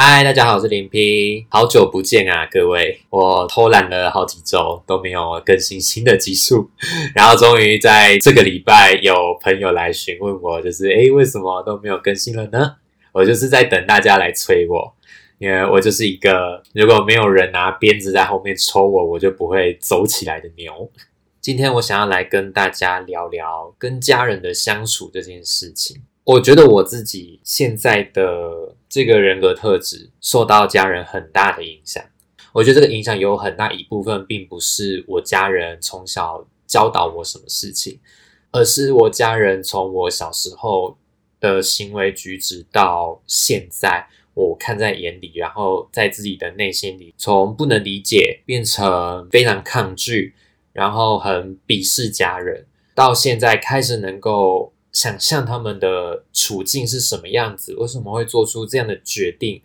嗨，Hi, 大家好，我是林平，好久不見啊，各位，我偷懶了好幾周都沒有更新新的技術，然後終於在這個禮拜有朋友來詢問我，就是，誒，為什麼都沒有更新了呢？我就是在等大家來催我，因為我就是一個如果沒有人拿鞭子在後面抽我，我就不會走起來的牛。今天我想要來跟大家聊聊跟家人的相處這件事情，我覺得我自己現在的。這個人格特質受到家人很大的影響，我覺得這個影響有很大一部分並不是我家人從小教導我什麼事情，而是我家人從我小時候的行為舉止到現在，我看在眼裡，然後在自己的內心裡，從不能理解變成非常抗拒，然後很鄙視家人，到現在開始能夠。想象他們的處境是什麼樣子？為什麼會做出這樣的決定？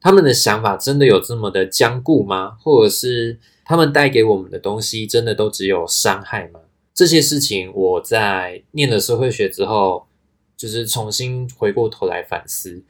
他們的想法真的有這麼的僵固嗎？或者是他們帶給我們的東西真的都只有傷害嗎？這些事情我在念了社會學之後，就是重新回過頭來反思，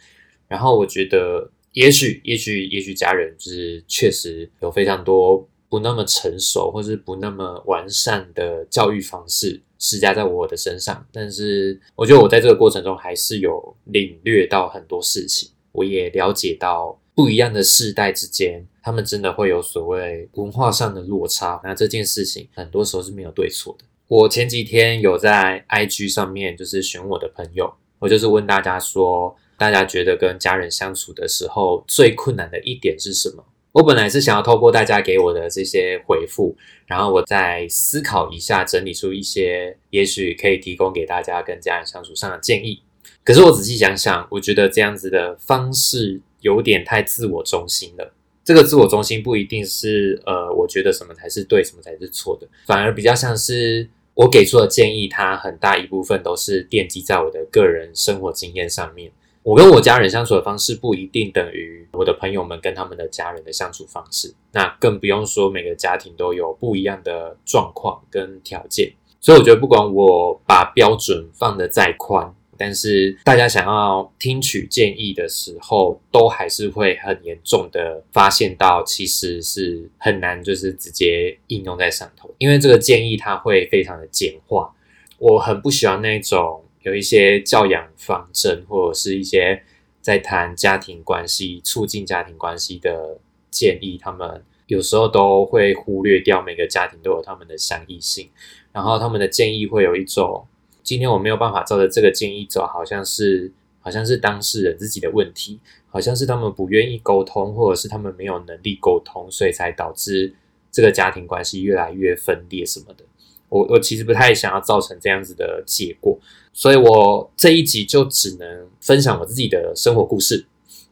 然後我覺得也，也許，也許，也許家人就是確實有非常多。不那麼成熟，或是不那麼完善的教育方式施加在我的身上，但是我覺得我在這個過程中還是有領略到很多事情，我也了解到不一樣的世代之間，他們真的會有所謂文化上的落差。那這件事情很多時候是沒有對錯的。我前幾天有在 IG 上面就是詢我的朋友，我就是問大家說，大家覺得跟家人相處的時候最困難的一點是什麼？我本來是想要透過大家給我的這些回復，然後我再思考一下，整理出一些也許可以提供給大家跟家人相處上的建議。可是我仔細想想，我覺得這樣子的方式有點太自我中心了。這個自我中心不一定是呃，我覺得什麼才是對，什麼才是錯的，反而比較像是我給出的建議，它很大一部分都是奠基在我的個人生活經驗上面。我跟我家人相處的方式不一定等於我的朋友們跟他們的家人的相處方式，那更不用說每個家庭都有不一樣的狀況跟條件。所以我覺得，不管我把標準放得再寬，但是大家想要聽取建議的時候，都還是會很嚴重的發現到，其實是很難就是直接應用在上頭，因為這個建議它會非常的簡化。我很不喜歡那種。有一些教養方針，或者是一些在談家庭關係、促進家庭關係的建議，他們有時候都會忽略掉每個家庭都有他們的相異性，然後他們的建議會有一種，今天我沒有辦法照着這個建議走，好像是好像是當事人自己的問題，好像是他們不願意溝通，或者是他們沒有能力溝通，所以才導致這個家庭關係越來越分裂什麼的。我我其實不太想要造成這樣子的結果，所以我這一集就只能分享我自己的生活故事，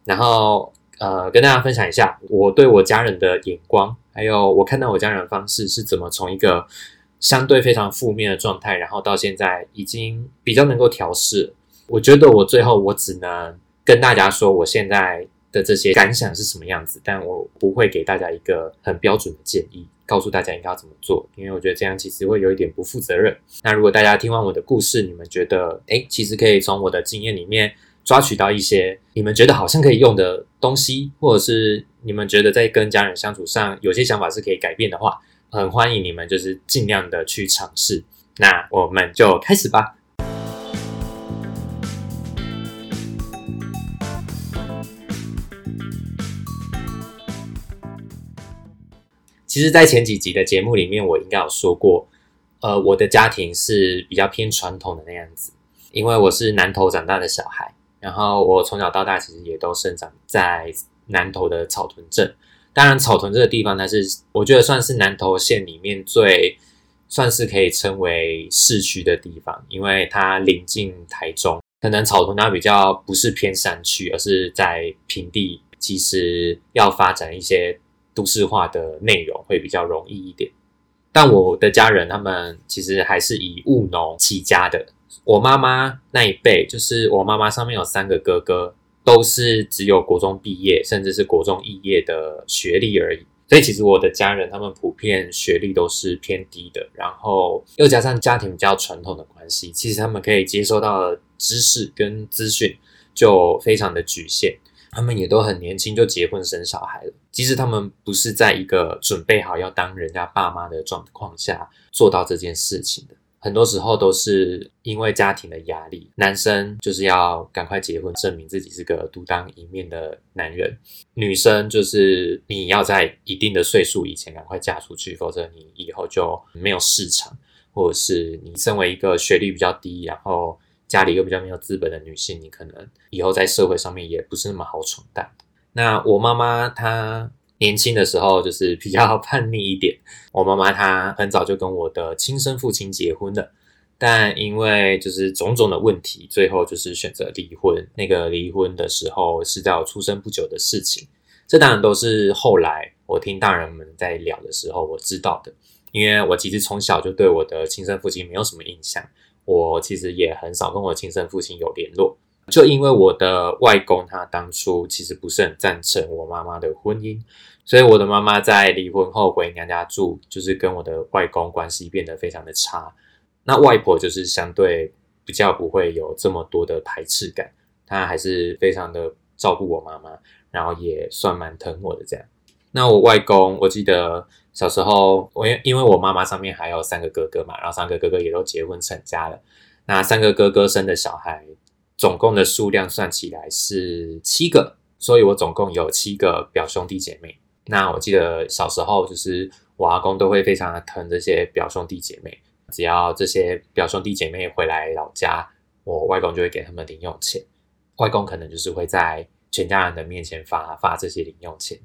然後呃跟大家分享一下我對我家人的眼光，還有我看到我家人的方式是怎麼從一個相對非常負面的狀態，然後到現在已經比較能夠調適了。我覺得我最後我只能跟大家說，我現在的這些感想是什麼樣子，但我不會給大家一個很標準的建議。告訴大家應該要怎麼做，因為我覺得這樣其實會有一點不負責任。那如果大家聽完我的故事，你們覺得，哎，其實可以從我的經驗裡面抓取到一些你們覺得好像可以用的東西，或者是你們覺得在跟家人相處上有些想法是可以改變的話，很歡迎你們就是盡量的去嘗試。那我們就開始吧。其實，在前幾集的節目裡面，我應該有說過，呃，我的家庭是比較偏傳統的那樣子，因為我是南投長大的小孩，然後我從小到大其實也都生長在南投的草屯鎮。當然，草屯這個地方，它是我覺得算是南投縣裡面最算是可以稱為市區的地方，因為它臨近台中，可能草屯它比較不是偏山區，而是在平地，其實要發展一些。都市化的內容會比較容易一點，但我的家人他們其實還是以務農起家的。我媽媽那一輩，就是我媽媽上面有三個哥哥，都是只有國中畢業，甚至是國中肄業的學歷而已。所以其實我的家人他們普遍學歷都是偏低的，然後又加上家庭比較傳統的關係，其實他們可以接收到的知識跟資訊就非常的侷限。他們也都很年輕就結婚生小孩了，即使他們不是在一個準備好要當人家爸媽的狀況下做到這件事情的，很多時候都是因為家庭的壓力。男生就是要趕快結婚，證明自己是個獨當一面的男人；女生就是你要在一定的歲數以前趕快嫁出去，否則你以後就沒有市場，或者是你身為一個學歷比較低，然後，家裡又比較沒有資本的女性，你可能以後在社會上面也不是那麼好闖蕩。那我媽媽她年輕的時候就是比較叛逆一點。我媽媽她很早就跟我的親生父親結婚了，但因為就是種種的問題，最後就是選擇離婚。那個離婚的時候是在我出生不久的事情。這當然都是後來我聽大人們在聊的時候我知道的，因為我其實從小就對我的親生父親沒有什麼印象。我其實也很少跟我親生父親有聯絡，就因為我的外公他當初其實不是很贊成我媽媽的婚姻，所以我的媽媽在離婚後回娘家住，就是跟我的外公關係變得非常的差。那外婆就是相對比較不會有這麼多的排斥感，她還是非常的照顧我媽媽，然後也算蠻疼我的這樣。那我外公，我記得。小時候，我也，因為我媽媽上面還有三個哥哥嘛，然後三個哥哥也都結婚成家了。那三個哥哥生的小孩，總共的數量算起來是七個，所以我總共有七個表兄弟姐妹。那我記得小時候，就是我阿公都會非常的疼這些表兄弟姐妹，只要這些表兄弟姐妹回來老家，我外公就會給他們零用錢。外公可能就是會在全家人的面前發發這些零用錢。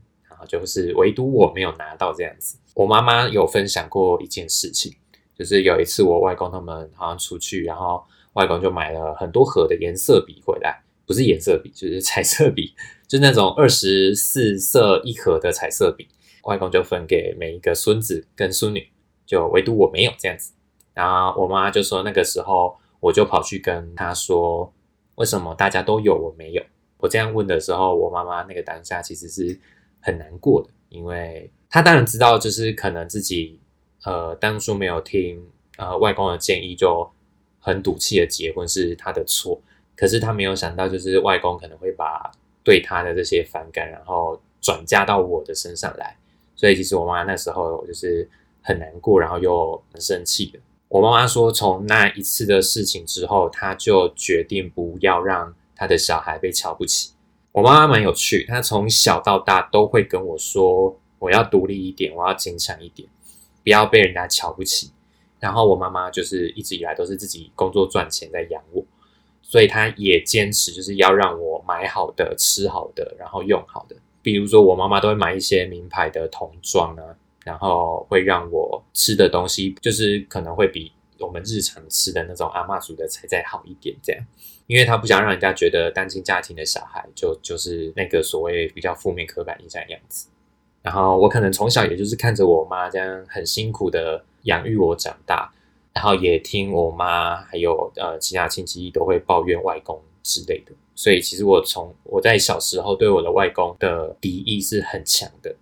就是唯獨我沒有拿到這樣子。我媽媽有分享過一件事情，就是有一次我外公他們好像出去，然後外公就買了很多盒的顏色筆回來，不是顏色筆，就是彩色筆，就是那種二十四色一盒的彩色筆。外公就分給每一個孫子跟孫女，就唯獨我沒有這樣子。然後我媽媽就說，那個時候我就跑去跟他說，為什麼大家都有我沒有？我這樣問的時候，我媽媽那個當下其實是。很難過的，因為他當然知道，就是可能自己，呃，當初沒有聽呃外公的建議，就很賭氣的結婚是他的錯，可是他沒有想到，就是外公可能會把對他的這些反感，然後轉嫁到我的身上來。所以其實我媽媽那時候就是很難過，然後又很生氣的。我媽媽說，從那一次的事情之後，她就決定不要讓她的小孩被瞧不起。我媽媽蠻有趣，她從小到大都會跟我說：“我要獨立一點，我要堅強一點，不要被人家瞧不起。”然後我媽媽就是一直以來都是自己工作賺錢在養我，所以她也堅持就是要讓我買好的、吃好的、然後用好的。比如說，我媽媽都會買一些名牌的童裝啊，然後會讓我吃的東西就是可能會比我們日常吃的那種阿嬤煮的菜再好一點這樣。因為他不想讓人家覺得單親家庭的小孩就就是那個所謂比較負面刻板印象的樣子。然後我可能從小也就是看着我媽這樣很辛苦的養育我長大，然後也聽我媽還有呃其他親戚都會抱怨外公之類的。所以其實我從我在小時候對我的外公的敵意是很強的。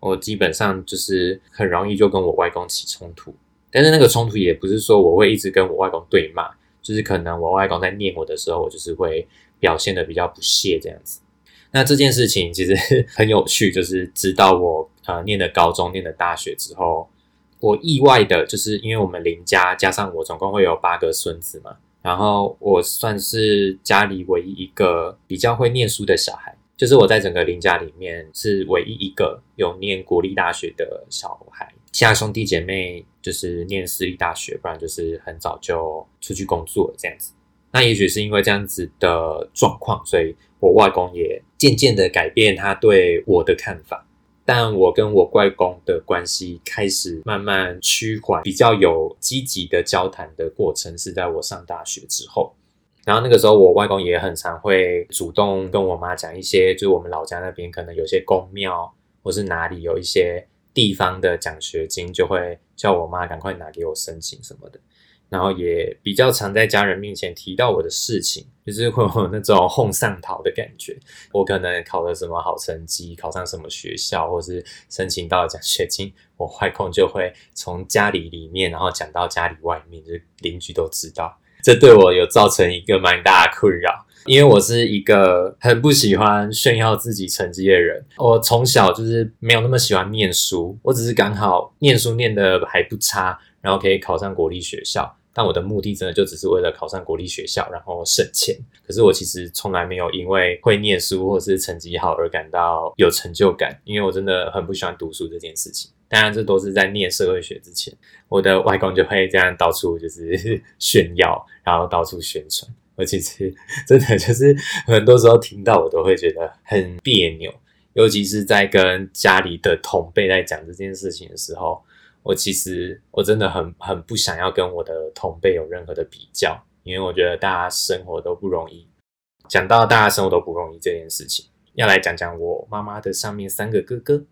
我基本上就是很容易就跟我外公起衝突，但是那個衝突也不是說我會一直跟我外公對罵。就是可能我外公在念我的時候，我就是會表現得比較不屑這樣子。那這件事情其實很有趣，就是直到我呃念了高中、念了大學之後，我意外的就是因為我們林家加上我，總共會有八個孫子嘛，然後我算是家裡唯一一個比較會念書的小孩，就是我在整個林家裡面是唯一一個有念國立大學的小孩。其他兄弟姐妹。就是念私立大學，不然就是很早就出去工作了這樣子。那也許是因為這樣子的狀況，所以我外公也漸漸的改變他對我的看法。但我跟我外公的關係開始慢慢趨緩，比較有積極的交談的過程是在我上大學之後。然後那個時候，我外公也很常會主動跟我媽講一些，就是我們老家那邊可能有些宮廟或是哪裡有一些。地方的獎學金，就會叫我媽趕快拿給我申請什麼的，然後也比較常在家人面前提到我的事情，就是會有那種哄上頭的感覺。我可能考了什麼好成績，考上什麼學校，或是申請到了獎學金，我外公就會從家裡裡面，然後講到家裡外面，就是鄰居都知道，這對我有造成一個蠻大的困擾。因為我是一個很不喜歡炫耀自己成績的人，我從小就是沒有那麼喜歡念書，我只是剛好念書念得還不差，然後可以考上國立學校。但我的目的真的就只是為了考上國立學校，然後省錢。可是我其實從來沒有因為會念書或是成績好而感到有成就感，因為我真的很不喜歡讀書這件事情。當然，這都是在念社會學之前，我的外公就會這樣到處就是炫耀，然後到處宣傳。我其實真的就是很多時候聽到我都會覺得很別扭，尤其是在跟家裡的同輩在講這件事情的時候，我其實我真的很很不想要跟我的同輩有任何的比較，因為我覺得大家生活都不容易。講到大家生活都不容易這件事情，要來講講我媽媽的上面三個哥哥，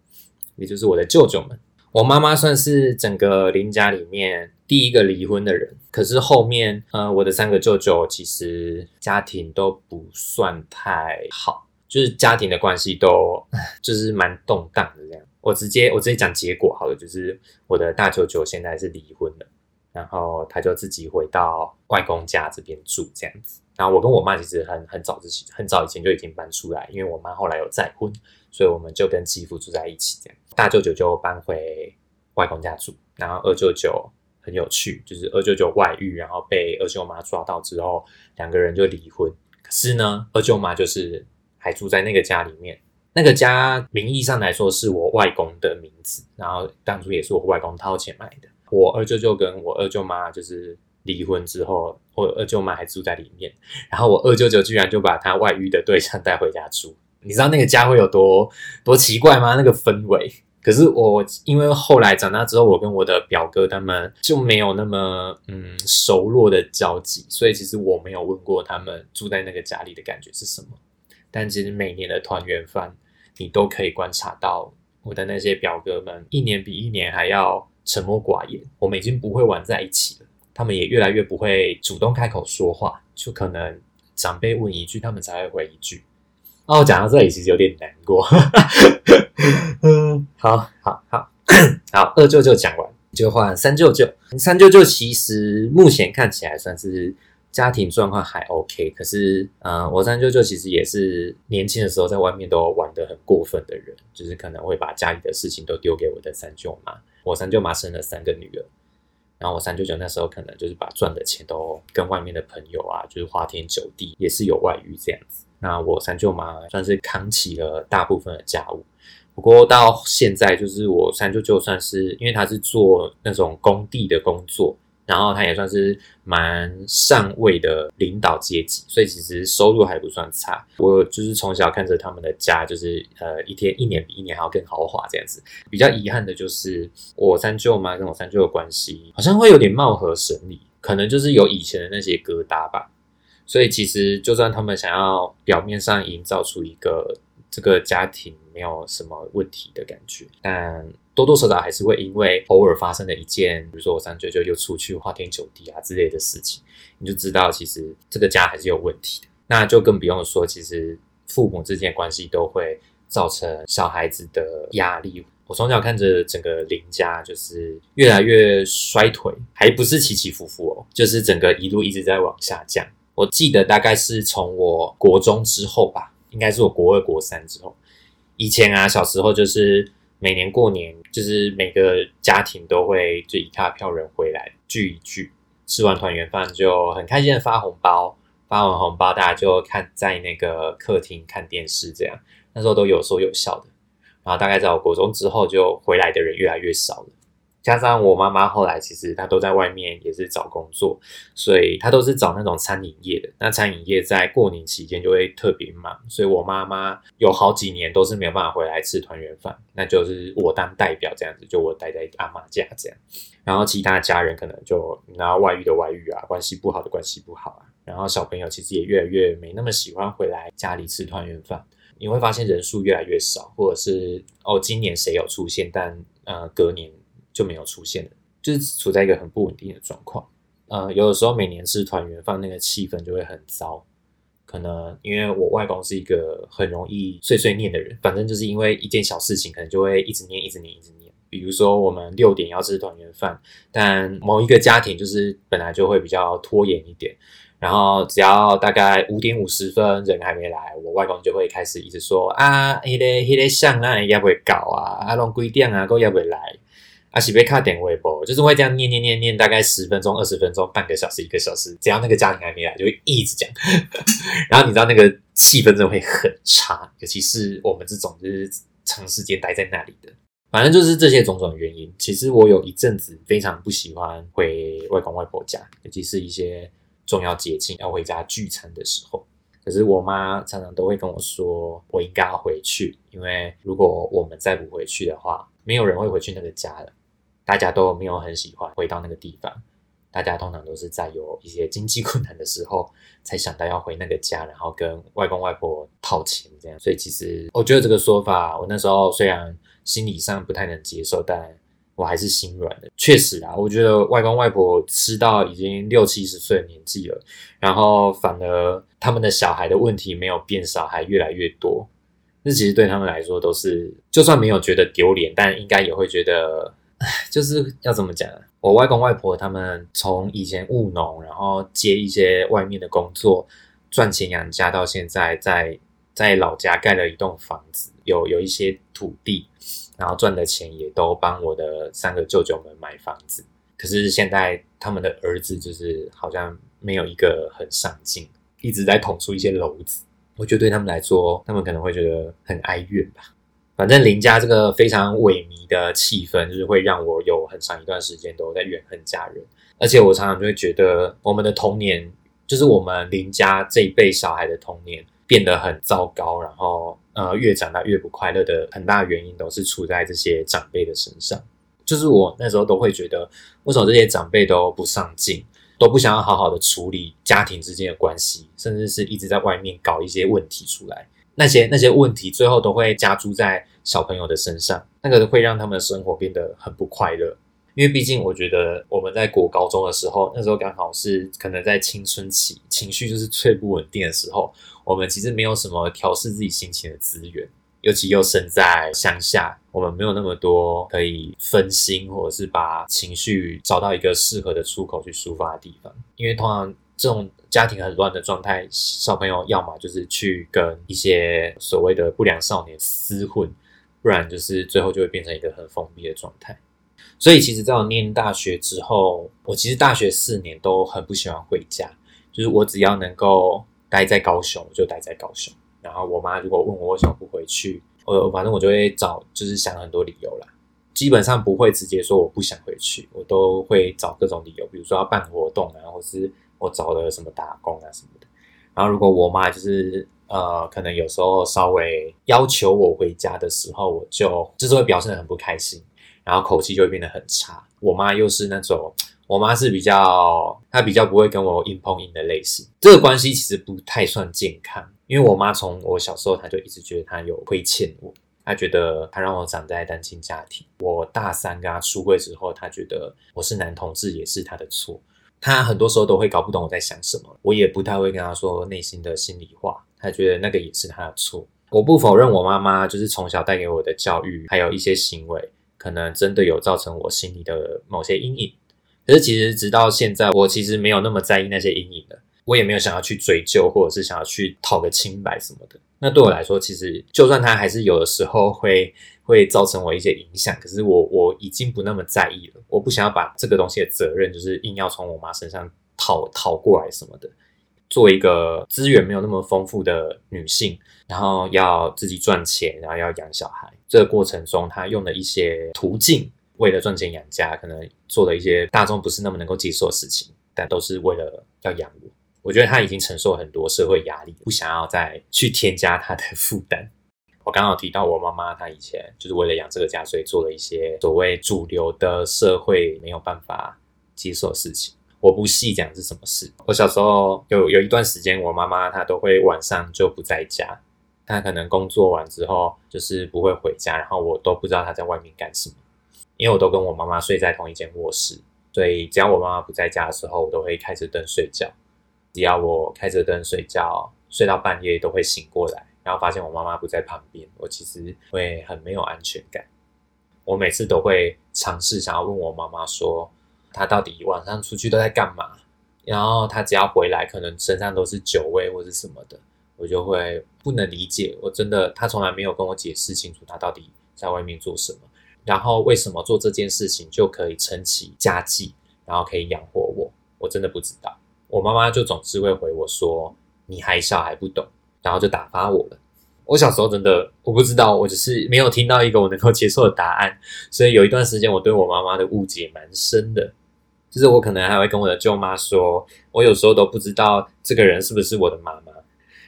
也就是我的舅舅們。我媽媽算是整個林家裡面，第一個離婚的人，可是後面，呃，我的三個舅舅其實家庭都不算太好，就是家庭的關係都就是蠻動蕩的這樣。我直接我直接講結果好了，就是我的大舅舅現在是離婚了，然後他就自己回到外公家這邊住這樣子。然後我跟我媽其實很很早之前很早以前就已經搬出來，因為我媽後來有再婚，所以我們就跟繼父住在一起這樣。大舅舅就搬回外公家住，然後二舅舅。很有趣，就是二舅舅外遇，然後被二舅媽抓到之後，兩個人就離婚。可是呢，二舅媽就是還住在那個家裡面。那個家名義上來說是我外公的名字，然後當初也是我外公掏錢買的。我二舅舅跟我二舅媽就是離婚之後，我二舅媽還住在裡面，然後我二舅舅居然就把他外遇的對象帶回家住。你知道那個家會有多多奇怪嗎？那個氛圍。可是我，因為後來長大之後，我跟我的表哥他們就沒有那麼嗯、熟絡的交集，所以其實我沒有問過他們住在那個家裡的感覺是什麼。但其實每年的團圓飯，你都可以觀察到我的那些表哥們一年比一年還要沉默寡言，我們已經不會玩在一起了，他們也越來越不會主動開口說話，就可能長輩問一句，他們才會回一句。哦，講到這裡其實有點難過。 嗯，好好好 好，二舅舅講完就換三舅舅。三舅舅其實目前看起來算是家庭狀況還 OK，可是嗯、呃，我三舅舅其實也是年輕的時候在外面都玩得很過分的人，就是可能會把家裡的事情都丟給我的三舅媽。我三舅媽生了三個女兒，然後我三舅舅那時候可能就是把賺的錢都跟外面的朋友啊，就是花天酒地，也是有外遇這樣子。那我三舅媽算是扛起了大部分的家務，不過到現在，就是我三舅舅算是，因為他是做那種工地的工作，然後他也算是蠻上位的領導階級，所以其實收入還不算差。我就是從小看着他們的家，就是呃一天一年比一年還要更豪華這樣子。比較遺憾的就是，我三舅媽跟我三舅的關係好像會有點貌合神離，可能就是有以前的那些疙瘩吧。所以其實，就算他們想要表面上營造出一個這個家庭沒有什麼問題的感覺，但多多少少還是會因為偶爾發生的一件，比如說我三舅舅又出去花天酒地啊之類的事情，你就知道其實這個家還是有問題的。那就更不用說，其實父母之間的關係都會造成小孩子的壓力。我從小看着整個林家就是越來越衰退，還不是起起伏伏哦，就是整個一路一直在往下降。我記得大概是從我國中之後吧，應該是我國二國三之後。以前啊，小時候就是每年過年，就是每個家庭都會就一大票人回來聚一聚，吃完團圓飯就很開心的發紅包。發完紅包，大家就看在那個客廳看電視這樣。那時候都有說有笑的。然後大概在我國中之後，就回來的人越來越少了。加上我媽媽後來，其實她都在外面也是找工作，所以她都是找那種餐飲業的。那餐飲業在過年期間就會特別忙，所以我媽媽有好幾年都是沒有辦法回來吃團圓飯。那就是我當代表這樣子，就我待在阿嬤家這樣。然後其他的家人可能就然後外遇的外遇啊，關係不好的關係不好啊。然後小朋友其實也越來越沒那麼喜歡回來家裡吃團圓飯，你會發現人數越來越少，或者是哦，今年誰有出現，但呃隔年。就沒有出現了，就是處在一個很不穩定的狀況。呃，有的時候每年吃團圓飯，那個氣氛就會很糟。可能因為我外公是一個很容易碎碎念的人，反正就是因為一件小事情，可能就會一直念，一直念，一直念。比如說我們六點要吃團圓飯，但某一個家庭就是本來就會比較拖延一點，然後只要大概五點五十分人還沒來，我外公就會開始一直說啊，那個那個想啊，要不要搞啊？啊，攏幾點啊？哥要不要來？阿喜被卡點外婆，就是會這樣念念念念，大概十分鐘、二十分鐘、半個小時、一個小時，只要那個家庭還沒來，就會一直講。 然後你知道那個氣氛真的會很差，尤其是我們這種就是長時間待在那裡的。反正就是這些種種的原因，其實我有一陣子非常不喜歡回外公外婆家，尤其是一些重要節慶要回家聚餐的時候。可是我媽常常都會跟我說，我應該要回去，因為如果我們再不回去的話，沒有人會回去那個家了。大家都沒有很喜歡回到那個地方。大家通常都是在有一些經濟困難的時候，才想到要回那個家，然後跟外公外婆套錢這樣。所以其實我覺得這個說法，我那時候雖然心理上不太能接受，但我還是心軟的。確實啊，我覺得外公外婆吃到已經六七十歲年紀了，然後反而他們的小孩的問題沒有變少，還越來越多。那其實對他們來說都是，就算沒有覺得丟臉，但應該也會覺得。就是要怎麼講呢？我外公外婆他們從以前務農，然後接一些外面的工作賺錢養家，到現在在在老家蓋了一棟房子，有有一些土地，然後賺的錢也都幫我的三個舅舅們買房子。可是現在他們的兒子就是好像沒有一個很上進，一直在捅出一些簍子。我覺得對他們來說，他們可能會覺得很哀怨吧。反正林家這個非常萎靡的氣氛，就是會讓我有很長一段時間都在怨恨家人，而且我常常就會覺得，我們的童年，就是我們林家這一輩小孩的童年變得很糟糕，然後呃，越長大越不快樂的很大的原因，都是出在這些長輩的身上。就是我那時候都會覺得，為什麼這些長輩都不上進，都不想要好好的處理家庭之間的關係，甚至是一直在外面搞一些問題出來。那些那些問題最後都會加諸在小朋友的身上，那個會讓他們的生活變得很不快樂。因為畢竟我覺得我們在國高中的時候，那時候剛好是可能在青春期，情緒就是最不穩定的時候。我們其實沒有什麼調適自己心情的資源，尤其又生在鄉下，我們沒有那麼多可以分心，或者是把情緒找到一個適合的出口去抒發的地方。因為通常。這種家庭很亂的狀態，小朋友要麼就是去跟一些所謂的不良少年厮混，不然就是最後就會變成一個很封閉的狀態。所以，其實在我念大學之後，我其實大學四年都很不喜歡回家，就是我只要能夠待在高雄，我就待在高雄。然後，我媽如果問我為什麼不回去，我反正我就會找就是想很多理由啦，基本上不會直接說我不想回去，我都會找各種理由，比如說要辦活動啊，或是。我找的什麼打工啊什麼的，然後如果我媽就是呃，可能有時候稍微要求我回家的時候，我就就是會表現得很不開心，然後口氣就會變得很差。我媽又是那種，我媽是比較她比較不會跟我硬碰硬的類型，這個關係其實不太算健康。因為我媽從我小時候，她就一直覺得她有虧欠我，她覺得她讓我長在單親家庭。我大三跟她出櫃之後，她覺得我是男同志，也是她的錯。他很多時候都會搞不懂我在想什麼，我也不太會跟他說內心的心裡話。他覺得那個也是他的錯，我不否認。我媽媽就是從小帶給我的教育，還有一些行為，可能真的有造成我心裡的某些陰影。可是其實直到現在，我其實沒有那麼在意那些陰影了，我也沒有想要去追究，或者是想要去討個清白什麼的。那對我來說，其實就算他還是有的時候會。會造成我一些影響，可是我我已經不那麼在意了。我不想要把這個東西的責任，就是硬要從我媽身上討討過來什麼的。作為一個資源沒有那麼豐富的女性，然後要自己賺錢，然後要養小孩，這個過程中她用了一些途徑，為了賺錢養家，可能做了一些大眾不是那麼能夠接受的事情，但都是為了要養我。我覺得她已經承受很多社會壓力，不想要再去添加她的負擔。我剛好提到我媽媽，她以前就是為了養這個家，所以做了一些所謂主流的社會沒有辦法接受的事情。我不細講是什麼事。我小時候有有一段時間，我媽媽她都會晚上就不在家，她可能工作完之後就是不會回家，然後我都不知道她在外面幹什麼，因為我都跟我媽媽睡在同一間臥室，所以只要我媽媽不在家的時候，我都會開着燈睡覺。只要我開着燈睡覺，睡到半夜都會醒過來。然後發現我媽媽不在旁邊，我其實會很沒有安全感。我每次都會嘗試想要問我媽媽說，她到底晚上出去都在幹嘛？然後她只要回來，可能身上都是酒味或是什麼的，我就會不能理解。我真的，她從來沒有跟我解釋清楚她到底在外面做什麼，然後為什麼做這件事情就可以撐起家計，然後可以養活我。我真的不知道。我媽媽就總是會回我說：“你還小還不懂。”然後就打發我了。我小時候真的，我不知道，我只是沒有聽到一個我能夠接受的答案，所以有一段時間我對我媽媽的誤解蠻深的。就是我可能還會跟我的舅媽說，我有時候都不知道這個人是不是我的媽媽。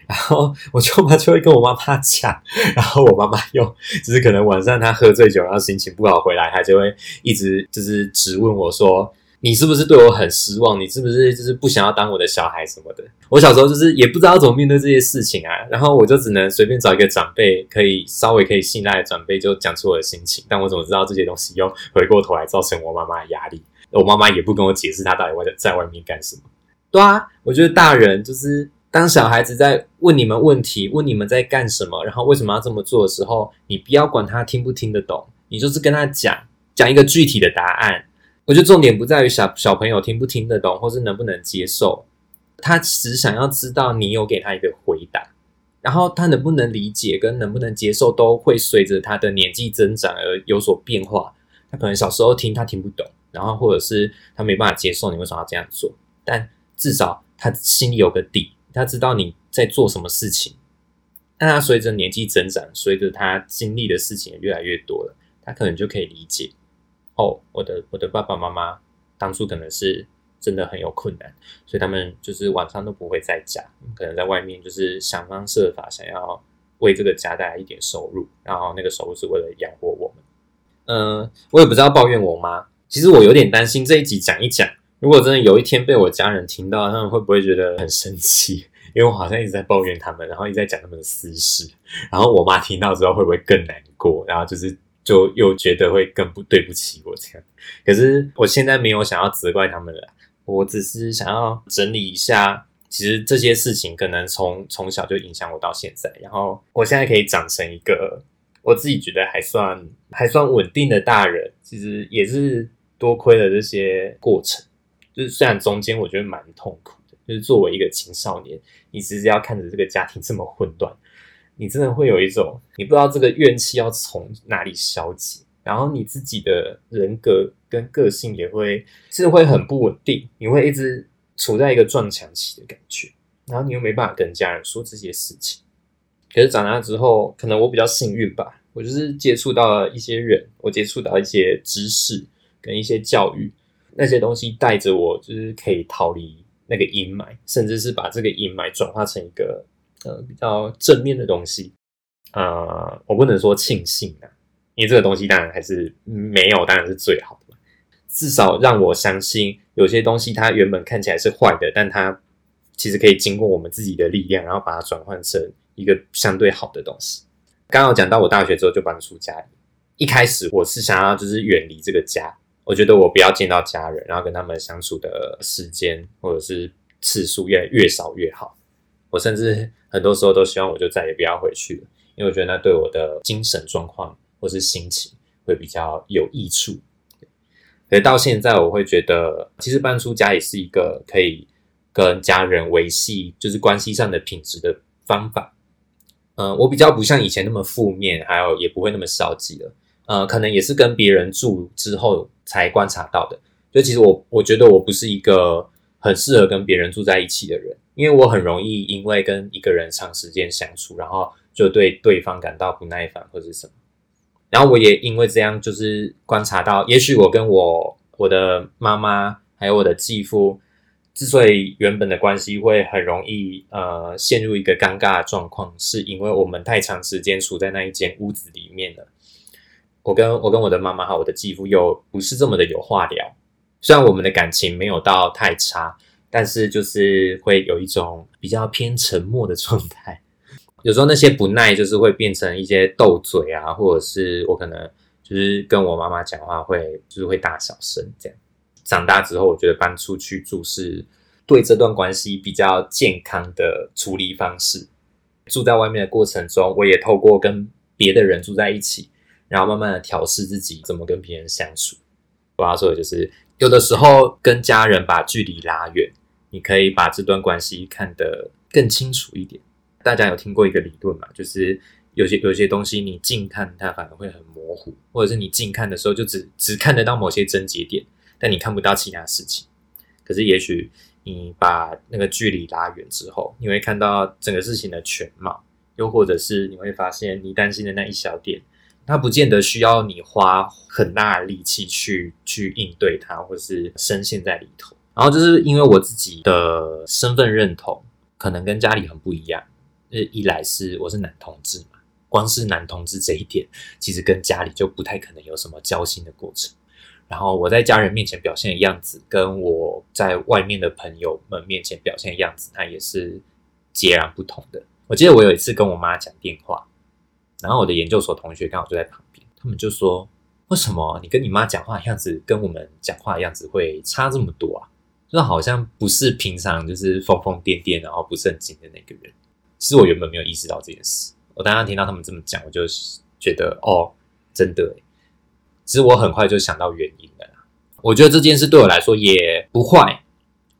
然後我舅媽就會跟我媽媽講，然後我媽媽又只、就是可能晚上她喝醉酒，然後心情不好回來，她就會一直就是質問我說。你是不是對我很失望？你是不是就是不想要當我的小孩什麼的？我小時候就是也不知道怎麼面對這些事情啊，然後我就只能隨便找一個長輩，可以稍微可以信賴的長輩，就講出我的心情。但我怎麼知道這些東西又回過頭來造成我媽媽的壓力？我媽媽也不跟我解釋，她到底在外面幹什麼？對啊，我覺得大人就是當小孩子在問你們問題，問你們在幹什麼，然後為什麼要這麼做的時候，你不要管他聽不聽得懂，你就是跟他講講一個具體的答案。我覺得重點不在於小小朋友聽不聽得懂，或是能不能接受，他只想要知道你有給他一個回答。然後他能不能理解，跟能不能接受，都會隨着他的年紀增長而有所變化。他可能小時候聽他聽不懂，然後或者是他沒辦法接受你為什麼要這樣做，但至少他心裡有個底，他知道你在做什麼事情。但他隨着年紀增長，隨着他經歷的事情也越來越多了，他可能就可以理解。哦，oh, 我的我的爸爸媽媽當初可能是真的很有困難，所以他們就是晚上都不會在家，可能在外面就是想方設法想要為這個家帶來一點收入，然後那個時候是為了養活我們。嗯、呃，我也不知道抱怨我媽，其實我有點擔心這一集講一講，如果真的有一天被我家人聽到，他們會不會覺得很生氣？因為我好像一直在抱怨他們，然後一直在講他們的私事，然後我媽聽到之後會不會更難過？然後就是。就又覺得會更不對不起我這樣，可是我現在沒有想要責怪他們了，我只是想要整理一下，其實這些事情可能從從小就影響我到現在，然後我現在可以長成一個我自己覺得還算還算穩定的大人，其實也是多虧了這些過程，就是雖然中間我覺得蠻痛苦的，就是作為一個青少年，你只是要看着這個家庭這麼混亂。你真的會有一種，你不知道這個怨氣要從哪裡消解，然後你自己的人格跟個性也會是會很不穩定，你會一直處在一個撞牆期的感覺，然後你又沒辦法跟家人說這些事情。可是長大之後，可能我比較幸運吧，我就是接觸到了一些人，我接觸到一些知識跟一些教育那些東西，帶着我就是可以逃離那個陰霾，甚至是把這個陰霾轉化成一個。比較正面的東西，呃，我不能說慶幸啊，因為這個東西當然還是沒有，當然是最好的嘛。至少讓我相信，有些東西它原本看起來是壞的，但它其實可以經過我們自己的力量，然後把它轉換成一個相對好的東西。剛好講到我大學之後就搬出家裡，一開始我是想要就是遠離這個家，我覺得我不要見到家人，然後跟他們相處的時間或者是次數越來越少越好，我甚至。很多時候都希望我就再也不要回去了，因為我覺得那對我的精神狀況或是心情會比較有益處。所以到現在，我會覺得其實搬出家也是一個可以跟家人維繫，就是關係上的品質的方法。嗯、呃，我比較不像以前那麼負面，還有也不會那麼消極了。呃，可能也是跟別人住之後才觀察到的。就其實我我覺得我不是一個很適合跟別人住在一起的人。因為我很容易因為跟一個人長時間相處，然後就對對方感到不耐煩或是什麼，然後我也因為這樣就是觀察到，也許我跟我我的媽媽還有我的繼父，之所以原本的關係會很容易呃陷入一個尷尬的狀況，是因為我們太長時間處在那一間屋子裡面了。我跟我跟我的媽媽和我的繼父又不是這麼的有話聊，雖然我們的感情沒有到太差。但是就是會有一種比較偏沉默的狀態，有時候那些不耐就是會變成一些鬥嘴啊，或者是我可能就是跟我媽媽講話會就是會大小聲這樣。長大之後，我覺得搬出去住是對這段關係比較健康的處理方式。住在外面的過程中，我也透過跟別的人住在一起，然後慢慢的調適自己怎麼跟別人相處。我要說的就是，有的時候跟家人把距離拉遠。你可以把這段關係看得更清楚一點。大家有聽過一個理論嗎？就是有些有些東西你近看它反而會很模糊，或者是你近看的時候就只只看得到某些症結點，但你看不到其他事情。可是也許你把那個距離拉遠之後，你會看到整個事情的全貌，又或者是你會發現你擔心的那一小點，它不見得需要你花很大的力氣去去應對它，或是深陷在裡頭。然後就是因為我自己的身份認同可能跟家裡很不一樣，一來是我是男同志嘛，光是男同志這一點，其實跟家裡就不太可能有什麼交心的過程。然後我在家人面前表現的樣子，跟我在外面的朋友們面前表現的樣子，它也是截然不同的。我記得我有一次跟我媽講電話，然後我的研究所同學剛好就在旁邊，他們就說：“為什麼你跟你媽講話的樣子，跟我們講話的樣子會差這麼多啊？”那好像不是平常就是瘋瘋癲癲，然後不正經的那個人。其實我原本沒有意識到這件事，我當然聽到他們這麼講，我就覺得哦，真的。其實我很快就想到原因了啦。我覺得這件事對我來說也不壞，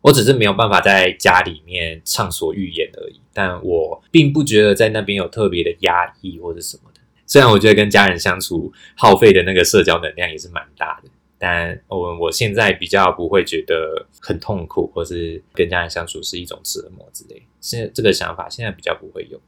我只是沒有辦法在家裡面暢所欲言而已。但我並不覺得在那邊有特別的壓抑或者什麼的。雖然我覺得跟家人相處耗費的那個社交能量也是蠻大的。但我我現在比較不會覺得很痛苦，或是跟家人相處是一種折磨之類。現在這個想法現在比較不會有，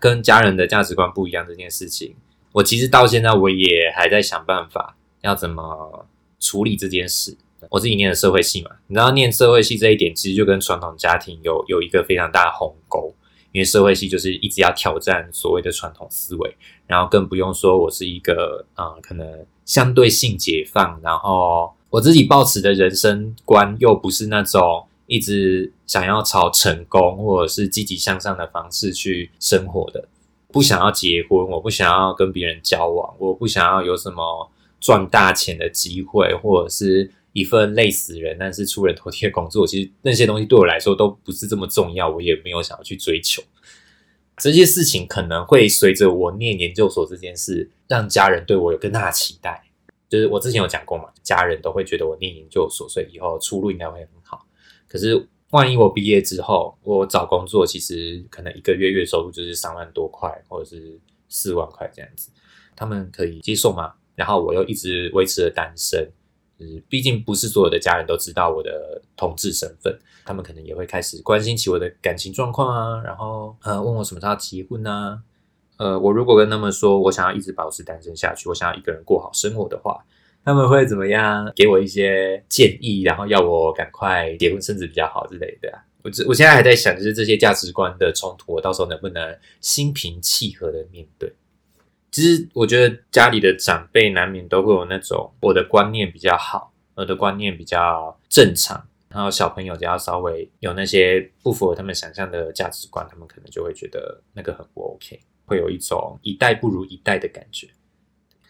跟家人的價值觀不一樣這件事情。我其實到現在我也還在想辦法要怎麼處理這件事。我自己念的社會系嘛，你知道念社會系這一點其實就跟傳統家庭有有一個非常大的鴻溝，因為社會系就是一直要挑戰所謂的傳統思維，然後更不用說我是一個啊、呃、可能。相對性解放，然後我自己抱持的人生觀又不是那種一直想要朝成功或者是積極向上的方式去生活的。不想要結婚，我不想要跟別人交往，我不想要有什麼賺大錢的機會，或者是一份累死人，但是出人頭地的工作。其實那些東西對我來說都不是這麼重要，我也沒有想要去追求。這些事情可能會隨着我念研究所這件事，讓家人對我有更大的期待。就是我之前有講過嘛，家人都會覺得我念研究所，所以以後出路應該會很好。可是萬一我畢業之後，我找工作，其實可能一個月月收入就是三萬多塊，或者是四萬塊這樣子，他們可以接受嗎？然後我又一直維持著單身。嗯，畢竟不是所有的家人都知道我的同志身份，他們可能也會開始關心起我的感情狀況啊，然後呃問我什麼時候要結婚吶、啊。呃，我如果跟他們說我想要一直保持單身下去，我想要一個人過好生活的話，他們會怎麼樣？給我一些建議，然後要我趕快結婚生子比較好之類的、啊。我這我現在還在想，就是這些價值觀的衝突，我到時候能不能心平氣和的面對。其實我覺得家裡的長輩難免都會有那種我的觀念比較好，我的觀念比較正常，然後小朋友只要稍微有那些不符合他們想象的價值觀，他們可能就會覺得那個很不 OK，會有一種一代不如一代的感覺。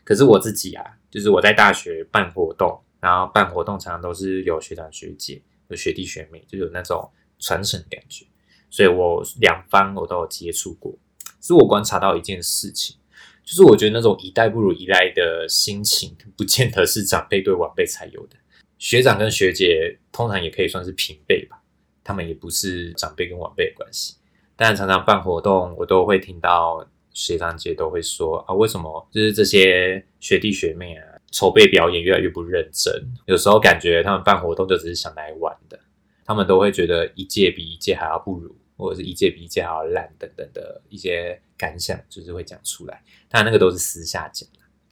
可是我自己啊，就是我在大學辦活動，然後辦活動常常都是有學長學姐、有學弟學妹，就有那種傳承感覺，所以我兩方我都有接觸過。是我觀察到一件事情。就是我覺得那種一代不如一代的心情，不見得是長輩對晚輩才有的。學長跟學姐通常也可以算是平輩吧，他們也不是長輩跟晚輩的關係。但常常辦活動，我都會聽到學長姐都會說啊，為什麼就是這些學弟學妹啊，籌備表演越來越不認真，有時候感覺他們辦活動就只是想來玩的。他們都會覺得一屆比一屆還要不如。或者是一屆比較爛等等的一些感想，就是會講出來。當然那個都是私下講。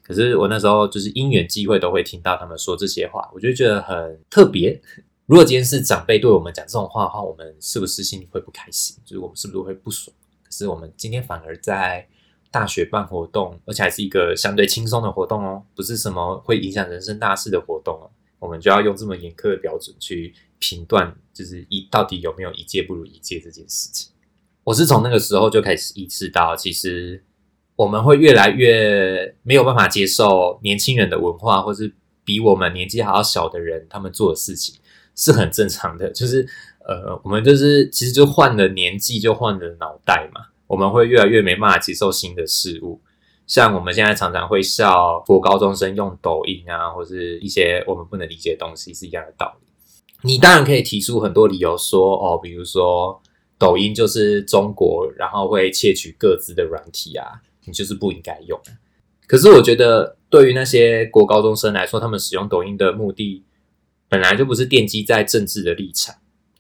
可是我那時候就是因緣際會都會聽到他們說這些話，我就覺得很特別。如果今天是長輩對我們講這種話的話，我們是不是心裡會不開心？就是我們是不是都會不爽？可是我們今天反而在大學辦活動，而且還是一個相對輕鬆的活動哦，不是什麼會影響人生大事的活動哦。我們就要用這麼嚴苛的標準去評斷，就是一到底有沒有一屆不如一屆這件事情。我是從那個時候就開始意識到，其實我們會越來越沒有辦法接受年輕人的文化，或是比我們年紀還要小的人他們做的事情是很正常的。就是呃，我們就是其實就換了年紀就換了腦袋嘛，我們會越來越沒辦法接受新的事物。像我們現在常常會笑國高中生用抖音啊，或是一些我們不能理解的東西，是一樣的道理。你當然可以提出很多理由說，哦，比如說抖音就是中國，然後會竊取各自的軟體啊，你就是不應該用啊。可是我覺得，對於那些國高中生來說，他們使用抖音的目的本來就不是奠基在政治的立場。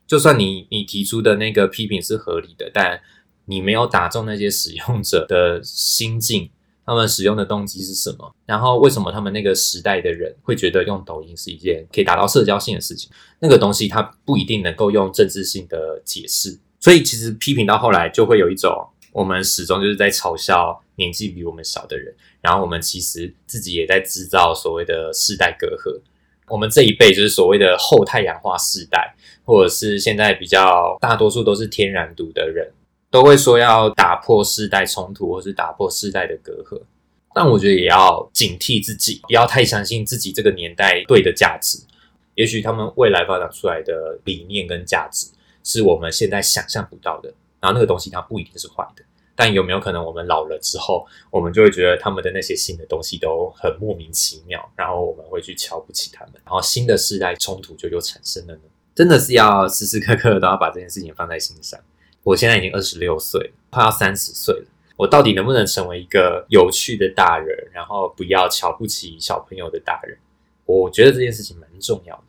就算你你提出的那個批評是合理的，但你沒有打中那些使用者的心境。他們使用的動機是什麼？然後為什麼他們那個時代的人會覺得用抖音是一件可以達到社交性的事情？那個東西它不一定能夠用政治性的解釋。所以其實批評到後來，就會有一種我們始終就是在嘲笑年紀比我們小的人，然後我們其實自己也在制造所謂的世代隔閡。我們這一輩就是所謂的後太陽花世代，或者是現在比較大多數都是天然獨的人，都會說要打破世代衝突，或是打破世代的隔閡，但我覺得也要警惕自己，不要太相信自己這個年代對的價值。也許他們未來發展出來的理念跟價值，是我們現在想象不到的。然後那個東西它不一定是壞的，但有沒有可能我們老了之後，我們就會覺得他們的那些新的東西都很莫名其妙，然後我們會去瞧不起他們，然後新的世代衝突就又產生了呢？真的是要時時刻刻的都要把這件事情放在心上。我現在已經二十六歲，快要三十歲了。我到底能不能成為一個有趣的大人，然後不要瞧不起小朋友的大人？我覺得這件事情蠻重要的。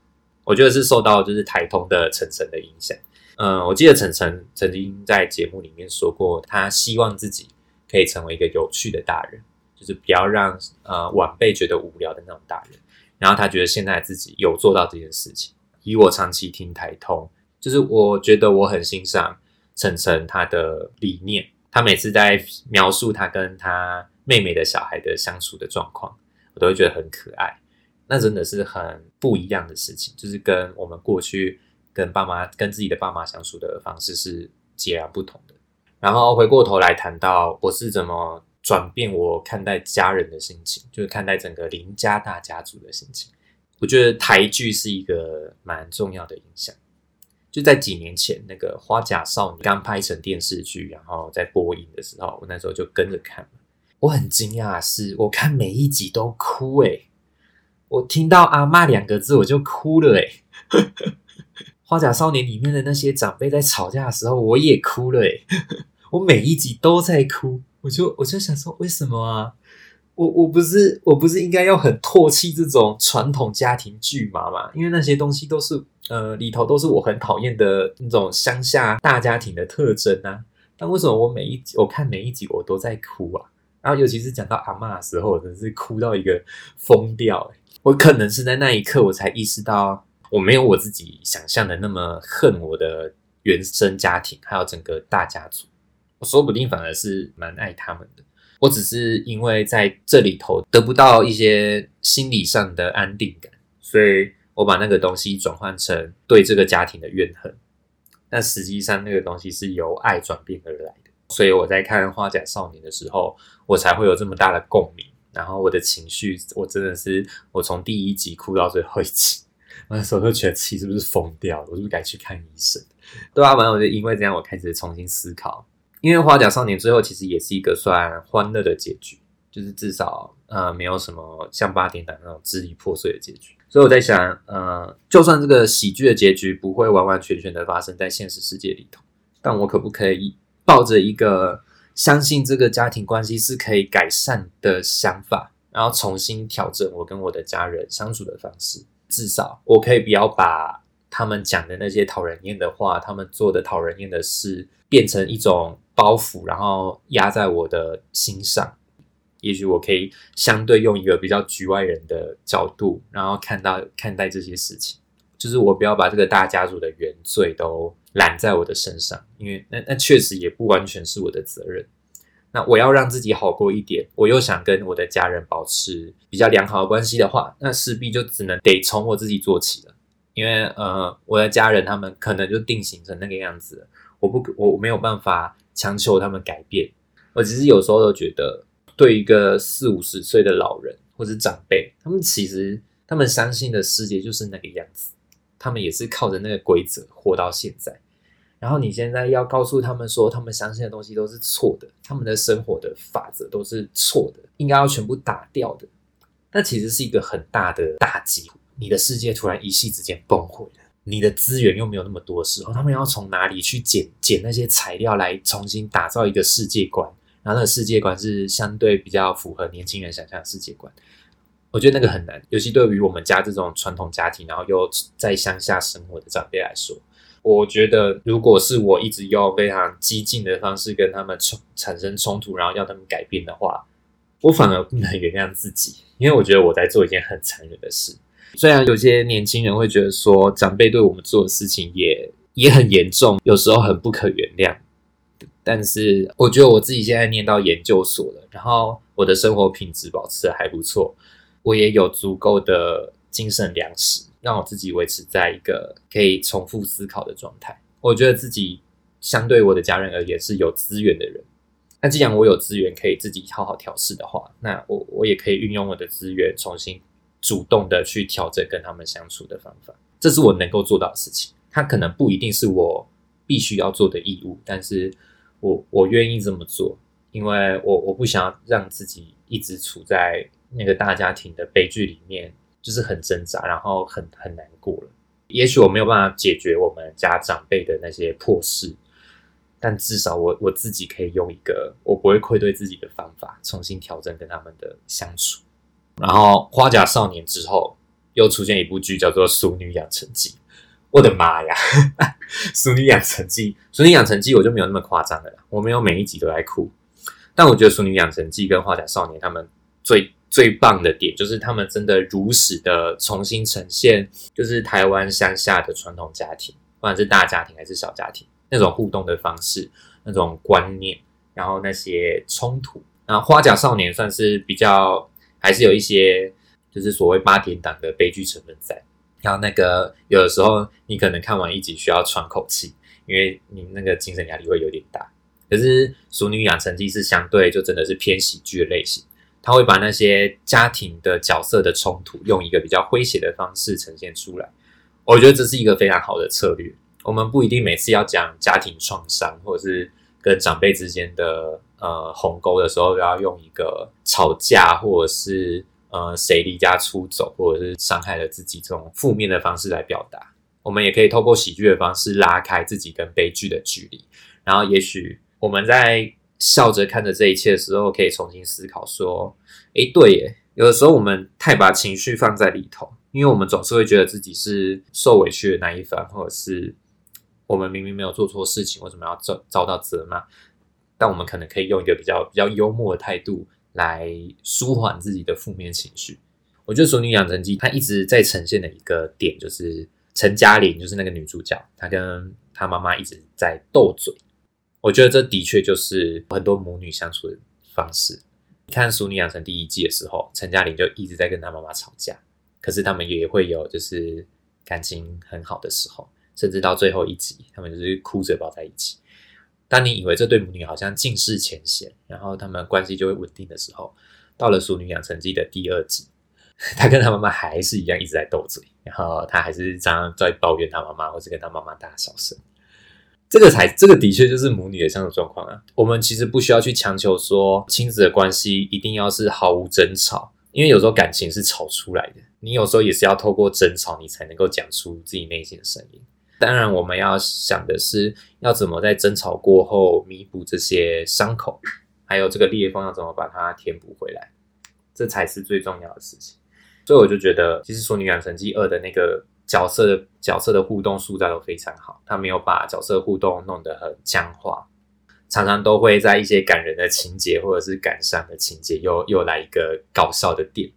我覺得是受到就是台通的誠誠的影響。嗯，我記得誠誠曾經在節目裡面說過，他希望自己可以成為一個有趣的大人，就是不要讓呃晚輩覺得無聊的那種大人。然後他覺得現在自己有做到這件事情。以我長期聽台通，就是我覺得我很欣賞。成成他的理念，他每次在描述他跟他妹妹的小孩的相處的狀況，我都會覺得很可愛。那真的是很不一樣的事情，就是跟我們過去跟爸媽、跟自己的爸媽相處的方式是截然不同的。然後回過頭來談到我是怎麼轉變我看待家人的心情，就是看待整個林家大家族的心情。我覺得台劇是一個蠻重要的影響。就在幾年前，那個《花甲少年》剛拍成電視劇，然後在播音的時候，我那時候就跟着看了。我很驚訝的是我看每一集都哭誒、欸、我聽到“阿嬤”兩個字我就哭了誒、欸、 《花甲少年》裡面的那些長輩在吵架的時候，我也哭了誒、欸、 我每一集都在哭，我就我就想說，為什麼啊？我我不是我不是應該要很唾棄這種傳統家庭劇嘛嘛，因為那些東西都是呃裡頭都是我很討厭的那種鄉下大家庭的特徵啊。但為什麼我每一集我看每一集我都在哭啊？然後尤其是講到阿嬤的時候，我真是哭到一個瘋掉欸。我可能是在那一刻我才意識到，我沒有我自己想象的那麼恨我的原生家庭，還有整個大家族。我說不定反而是蠻愛他們的。我只是因為在這裡頭得不到一些心理上的安定感，所以我把那個東西轉換成對這個家庭的怨恨。但實際上，那個東西是由愛轉變而來的。所以我在看《花甲少年》的時候，我才會有這麼大的共鳴。然後我的情緒，我真的是我從第一集哭到最後一集，那時候都覺得自己是不是瘋掉了？我是不是該去看醫生？對啊，完了我就因為這樣，我開始重新思考。因為《花甲少年》最後其實也是一個算歡樂的結局，就是至少呃沒有什麼像《八點檔》那種支離破碎的結局。所以我在想，呃，就算這個喜劇的結局不會完完全全的發生在現實世界裡頭，但我可不可以抱着一個相信這個家庭關係是可以改善的想法，然後重新調整我跟我的家人相處的方式？至少我可以不要把他們講的那些討人厭的話，他們做的討人厭的事，變成一種。包袱，然後壓在我的心上。也許我可以相對用一個比較局外人的角度，然後看到看待這些事情，就是我不要把這個大家族的原罪都攬在我的身上，因為那那確實也不完全是我的責任。那我要讓自己好過一點，我又想跟我的家人保持比較良好的關係的話，那勢必就只能得從我自己做起了。因為呃，我的家人他們可能就定型成那個樣子了，我不，我沒有辦法。強求他們改變，我其實有時候都覺得，對一個四五十歲的老人或是長輩，他們其實他們相信的世界就是那個樣子，他們也是靠着那個規則活到現在。然後你現在要告訴他們說，他們相信的東西都是錯的，他們的生活的法則都是錯的，應該要全部打掉的，那其實是一個很大的打擊，你的世界突然一夕之間崩毀了。你的資源又沒有那麼的多時候，他們要從哪裡去撿撿那些材料來重新打造一個世界觀？然後那個世界觀是相對比較符合年輕人想象的世界觀。我覺得那個很難，尤其對於我們家這種傳統家庭，然後又在鄉下生活的長輩來說，我覺得如果是我一直用非常激進的方式跟他們衝產生衝突，然後要他們改變的話，我反而不能原諒自己，因為我覺得我在做一件很殘忍的事。雖然有些年輕人會覺得說，長輩對我們做的事情也也很嚴重，有時候很不可原諒，但是我覺得我自己現在念到研究所了，然後我的生活品質保持得還不錯，我也有足夠的精神糧食，讓我自己維持在一個可以重複思考的狀態。我覺得自己相對我的家人而言是有資源的人，那既然我有資源可以自己好好調適的話，那我我也可以運用我的資源重新。主動的去調整跟他們相處的方法，這是我能夠做到的事情。他可能不一定是我必須要做的義務，但是我我願意這麼做，因為我我不想要讓自己一直處在那個大家庭的悲劇裡面，就是很掙扎，然後很很難過了。也許我沒有辦法解決我們家長輩的那些破事，但至少我我自己可以用一個我不會愧對自己的方法，重新調整跟他們的相處。然後《花甲少年》之後，又出現一部劇叫做《淑女養成記》。我的媽呀，淑《淑女養成記》《淑女養成記》我就沒有那麼誇張了，我沒有每一集都來哭。但我覺得《淑女養成記》跟《花甲少年》他們最最棒的點，就是他們真的如實的重新呈現，就是台灣鄉下的傳統家庭，不管是大家庭還是小家庭，那種互動的方式、那種觀念，然後那些衝突。那《花甲少年》算是比較。還是有一些，就是所謂八點檔的悲劇成分在。然後那個有的時候，你可能看完一集需要喘口氣，因為你那個精神壓力會有點大。可是《熟女養成記》是相對就真的是偏喜劇的類型，他會把那些家庭的角色的衝突用一個比較詼諧的方式呈現出來。我覺得這是一個非常好的策略。我們不一定每次要講家庭創傷，或者是跟長輩之間的。呃，鴻溝的時候，要用一個吵架，或者是呃，誰離家出走，或者是傷害了自己這種負面的方式來表達。我們也可以透過喜劇的方式拉開自己跟悲劇的距離。然後，也許我們在笑着看着這一切的時候，可以重新思考說：誒、欸，對耶，有的時候我們太把情緒放在裡頭，因為我們總是會覺得自己是受委屈的那一方，或者是我們明明沒有做錯事情，為什麼要遭遭到責罵？但我們可能可以用一個比較比較幽默的態度來舒緩自己的負面情緒。我覺得《俗女養成記》它一直在呈現的一個點就是陳嘉玲，就是那個女主角，她跟她媽媽一直在鬥嘴。我覺得這的確就是很多母女相處的方式。你看《俗女養成》第一季的時候，陳嘉玲就一直在跟她媽媽吵架，可是他們也會有就是感情很好的時候，甚至到最後一集，他們就是哭着抱在一起。當你以為這對母女好像盡釋前嫌，然後他們關係就會穩定的時候，到了《淑女養成記》的第二集，她跟她媽媽還是一樣一直在鬥嘴，然後她還是常常在抱怨她媽媽，或是跟她媽媽大小聲。這個才，這個的確就是母女的相處狀況啊。我們其實不需要去強求說親子的關係一定要是毫無爭吵，因為有時候感情是吵出來的，你有時候也是要透過爭吵，你才能夠講出自己內心的聲音。當然，我們要想的是要怎麼在爭吵過後彌補這些傷口，還有這個裂縫要怎麼把它填補回來，這才是最重要的事情。所以我就覺得，其實《俗女養成記二》的那個角色的角色的互動塑造都非常好，他沒有把角色互動弄得很僵化，常常都會在一些感人的情節或者是感傷的情節又又來一個搞笑的點。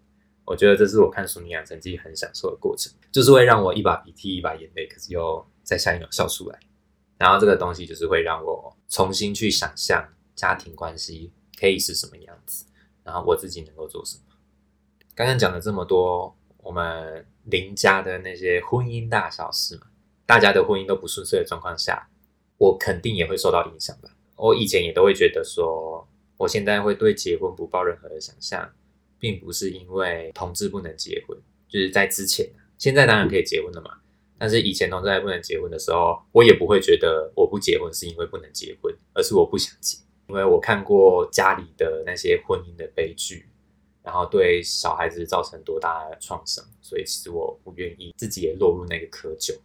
我覺得這是我看《俗女養成記》很享受的過程。就是會讓我一把鼻涕一把眼淚，可是又在下一秒笑出來。然後這個東西就是會讓我重新去想象家庭關係可以是什麼樣子，然後我自己能夠做什麼。剛剛講了這麼多，我們林家的那些婚姻大小事嘛，大家的婚姻都不順遂的狀況下，我肯定也會受到影響吧。我以前也都會覺得說，我現在會對結婚不抱任何的想象，並不是因為同志不能結婚，就是在之前、啊。現在當然可以結婚了嘛，但是以前同志在不能結婚的時候，我也不會覺得我不結婚是因為不能結婚，而是我不想結，因為我看過家裡的那些婚姻的悲劇，然後對小孩子造成多大的創傷，所以其實我不願意自己也落入那個窠臼。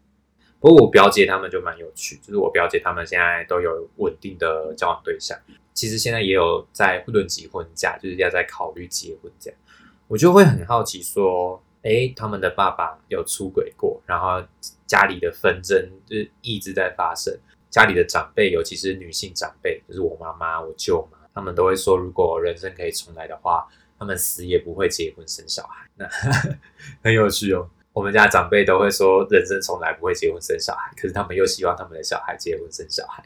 不過我表姐他們就蠻有趣，就是我表姐他們現在都有穩定的交往對象，其實現在也有在論及婚嫁，就是要在考慮結婚這樣，我就會很好奇說。哎、欸，他們的爸爸有出軌過，然後家裡的紛爭就一直在發生。家裡的長輩，尤其是女性長輩，就是我媽媽、我舅媽，他們都會說，如果人生可以重來的話，他們死也不會結婚生小孩。那 很有趣哦， 我們家長輩都會說，人生從來不會結婚生小孩，可是他們又希望他們的小孩結婚生小孩。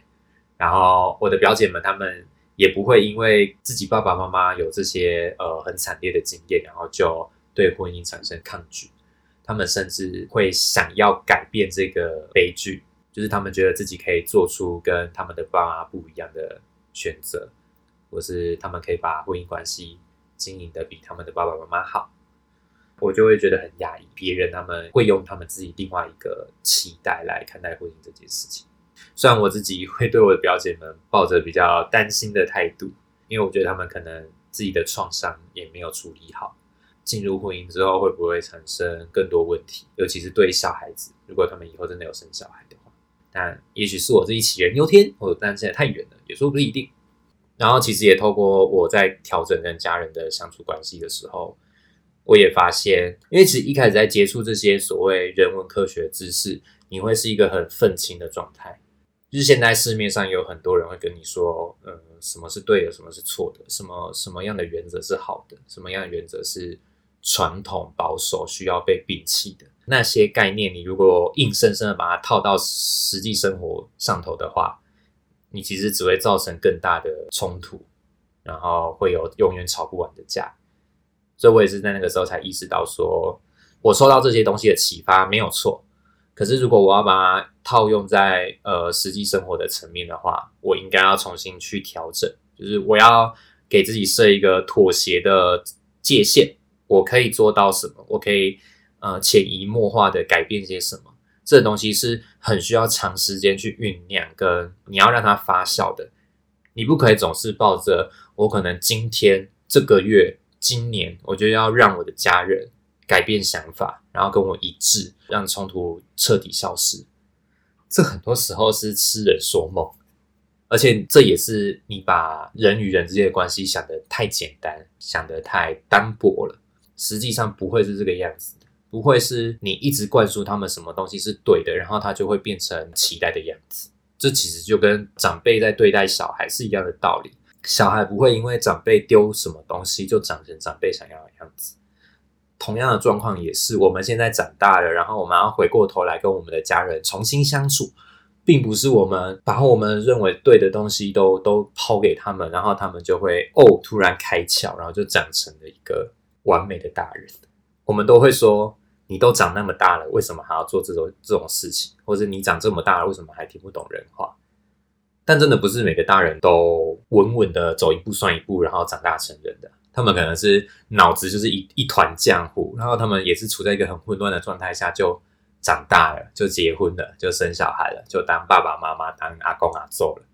然後我的表姐們，他們也不會因為自己爸爸媽媽有這些呃很慘烈的經驗，然後就。對婚姻產生抗拒，他們甚至會想要改變這個悲劇，就是他們覺得自己可以做出跟他們的爸媽不一樣的選擇，或是他們可以把婚姻關係經營得比他們的爸爸媽媽好。我就會覺得很壓抑，別人他們會用他們自己另外一個期待來看待婚姻這件事情。雖然我自己會對我的表姐們抱着比較擔心的態度，因為我覺得他們可能自己的創傷也沒有處理好。進入婚姻之後會不會產生更多問題，尤其是對小孩子，如果他們以後真的有生小孩的話，但也許是我自己杞人憂天，或者但是現在太遠了，也說不一定。然後其實也透過我在調整跟家人的相處關係的時候，我也發現，因為其實一開始在接觸這些所謂人文科學知識，你會是一個很憤青的狀態，就是現在市面上有很多人會跟你說，嗯，什麼是對的，什麼是錯的，什麼什麼樣的原則是好的，什麼樣的原則是。傳統保守需要被摒棄的那些概念，你如果硬生生的把它套到實際生活上頭的話，你其實只會造成更大的衝突，然後會有永遠吵不完的架。所以我也是在那個時候才意識到說，我受到這些東西的啟發沒有錯，可是如果我要把它套用在呃實際生活的層面的話，我應該要重新去調整，就是我要給自己設一個妥協的界限。我可以做到什麼？我可以呃潛移默化的改變些什麼？這東西是很需要長時間去醞釀，跟你要讓它發酵的。你不可以總是抱着我可能今天這個月、今年，我就要讓我的家人改變想法，然後跟我一致，讓衝突徹底消失。這很多時候是痴人說夢，而且這也是你把人與人之間的關係想得太簡單，想得太單薄了。實際上不會是這個樣子，不會是你一直灌輸他們什麼東西是對的，然後他就會變成期待的樣子。這其實就跟長輩在對待小孩是一樣的道理。小孩不會因為長輩丟什麼東西就長成長輩想要的樣子。同樣的狀況也是，我們現在長大了，然後我們要回過頭來跟我們的家人重新相處，並不是我們把我們認為對的東西都都拋給他們，然後他們就會，哦，突然開竅，然後就長成了一個。完美的大人，我們都會說，你都長那麼大了，為什麼還要做這種這種事情？或者你長這麼大了，為什麼還聽不懂人話？但真的不是每個大人都穩穩的走一步算一步，然後長大成人的。他們可能是腦子就是一一團漿糊，然後他們也是處在一個很混亂的狀態下就長大了，就結婚了，就生小孩了，就當爸爸媽媽，當阿公阿婆了。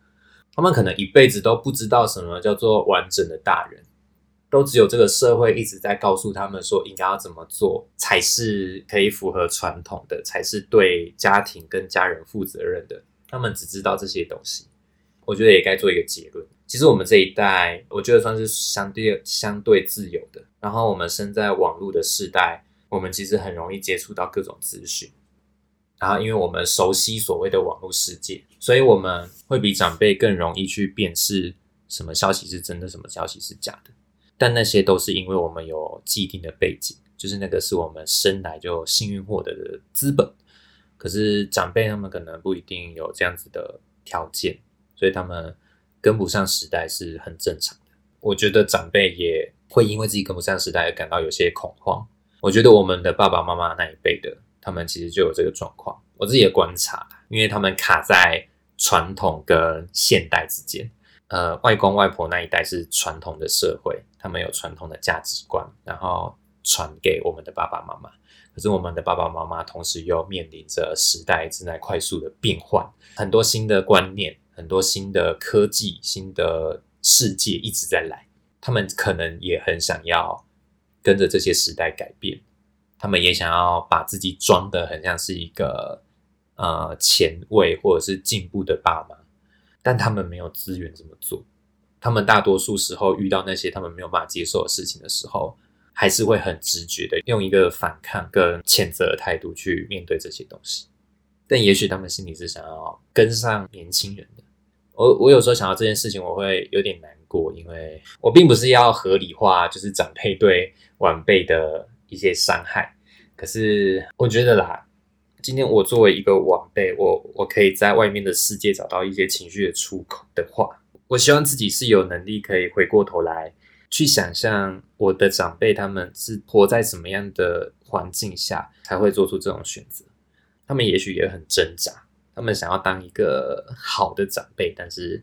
他們可能一輩子都不知道什麼叫做完整的大人。都只有這個社會一直在告訴他們說，應該要怎麼做才是可以符合傳統的，才是對家庭跟家人負責任的。他們只知道這些東西，我覺得也該做一個結論。其實我們這一代，我覺得算是相對相對自由的。然後我們身在網絡的世代，我們其實很容易接觸到各種資訊。然後，因為我們熟悉所謂的網絡世界，所以我們會比長輩更容易去辨識什麼消息是真的，什麼消息是假的。但那些都是因為我們有既定的背景，就是那個是我們生來就幸運獲得的資本。可是長輩他們可能不一定有這樣子的條件，所以他們跟不上時代是很正常的。我覺得長輩也會因為自己跟不上時代而感到有些恐慌。我覺得我們的爸爸媽媽那一輩的，他們其實就有這個狀況。我自己也觀察，因為他們卡在傳統跟現代之間。呃，外公外婆那一代是傳統的社會。他們有傳統的價值觀，然後傳給我們的爸爸媽媽。可是我們的爸爸媽媽同時又面臨着時代正在快速的變換，很多新的觀念、很多新的科技、新的世界一直在來。他們可能也很想要跟着這些時代改變，他們也想要把自己裝得很像是一個呃，前衛或者是進步的爸媽，但他們沒有資源這麼做。他們大多數時候遇到那些他們沒有辦法接受的事情的時候，還是會很直覺的用一個反抗跟譴責的態度去面對這些東西。但也許他們心裡是想要跟上年輕人的。我我有時候想到這件事情，我會有點難過，因為我並不是要合理化，就是長輩對晚輩的一些傷害。可是我覺得啦，今天我作為一個晚輩，我我可以在外面的世界找到一些情緒的出口的話。我希望自己是有能力可以回過頭來去想象我的長輩他們是活在什麼樣的環境下才會做出這種選擇？他們也許也很掙扎，他們想要當一個好的長輩，但是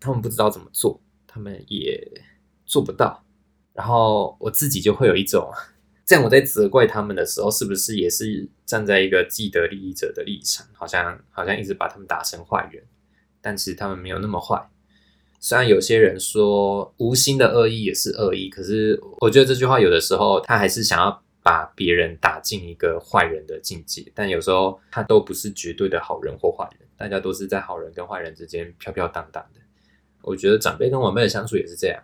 他們不知道怎麼做，他們也做不到。然後我自己就會有一種，這樣我在責怪他們的時候，是不是也是站在一個既得利益者的立場？好像好像一直把他們打成壞人，但是他們沒有那麼壞。雖然有些人說無心的惡意也是惡意，可是我覺得這句話有的時候他還是想要把別人打進一個壞人的境界，但有時候他都不是絕對的好人或壞人，大家都是在好人跟壞人之間飄飄蕩蕩的。我覺得長輩跟晚輩的相處也是這樣，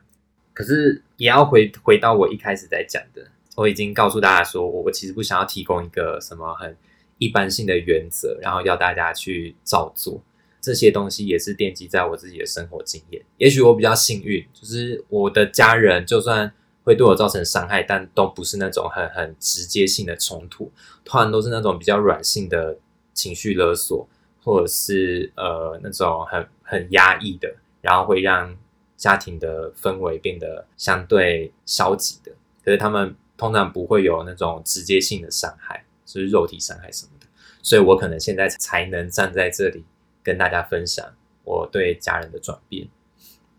可是也要回回到我一開始在講的，我已經告訴大家說，我我其實不想要提供一個什麼很一般性的原則，然後要大家去照做。這些東西也是奠基在我自己的生活經驗。也許我比較幸運，就是我的家人就算會對我造成傷害，但都不是那種很很直接性的衝突，通常都是那種比較軟性的情緒勒索，或者是呃那種很很壓抑的，然後會讓家庭的氛圍變得相對消極的。可是他們通常不會有那種直接性的傷害，就是肉體傷害什麼的，所以我可能現在才能站在這裡。跟大家分享我對家人的轉變。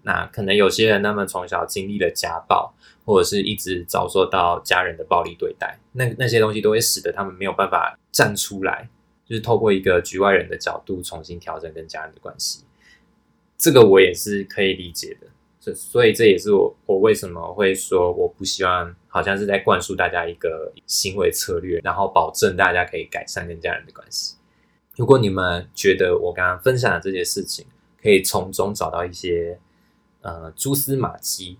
那可能有些人他們從小經歷了家暴，或者是一直遭受到家人的暴力對待，那那些東西都會使得他們沒有辦法站出來，就是透過一個局外人的角度重新調整跟家人的關係。這個我也是可以理解的，所所以這也是我我為什麼會說，我不希望好像是在灌輸大家一個行為策略，然後保證大家可以改善跟家人的關係。如果你們覺得我剛剛分享的這些事情可以從中找到一些呃蛛絲馬跡，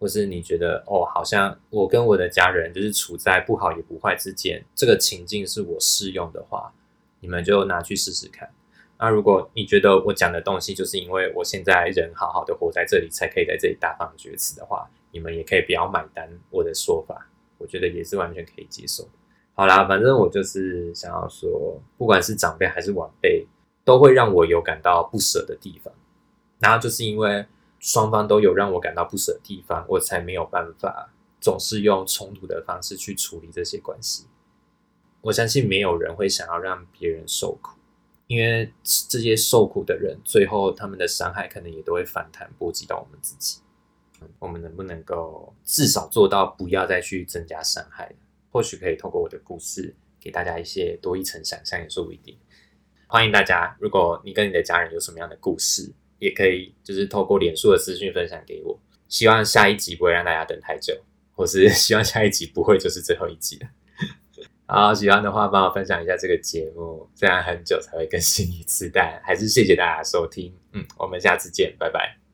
或是你覺得哦，好像我跟我的家人就是處在不好也不壞之間，這個情境是我適用的話，你們就拿去試試看。那、啊、如果你覺得我講的東西，就是因為我現在人好好的活在這裡，才可以在這裡大放厥詞的話，你們也可以不要買單我的說法，我覺得也是完全可以接受的。好啦，反正我就是想要說，不管是長輩還是晚輩，都會讓我有感到不舍的地方。然後就是因為雙方都有讓我感到不舍的地方，我才沒有辦法總是用衝突的方式去處理這些關係。我相信沒有人會想要讓別人受苦，因為這些受苦的人最後他們的傷害可能也都會反彈波及到我們自己。我們能不能夠至少做到不要再去增加傷害呢？或許可以透過我的故事，給大家一些多一層想象，也說不一定。歡迎大家，如果你跟你的家人有什麼樣的故事，也可以就是透過臉書的資訊分享給我。希望下一集不會讓大家等太久，或是希望下一集不會就是最後一集了。好，喜歡的話幫我分享一下這個節目，雖然很久才會更新一次，但還是謝謝大家的收聽。嗯，我們下次見，拜拜。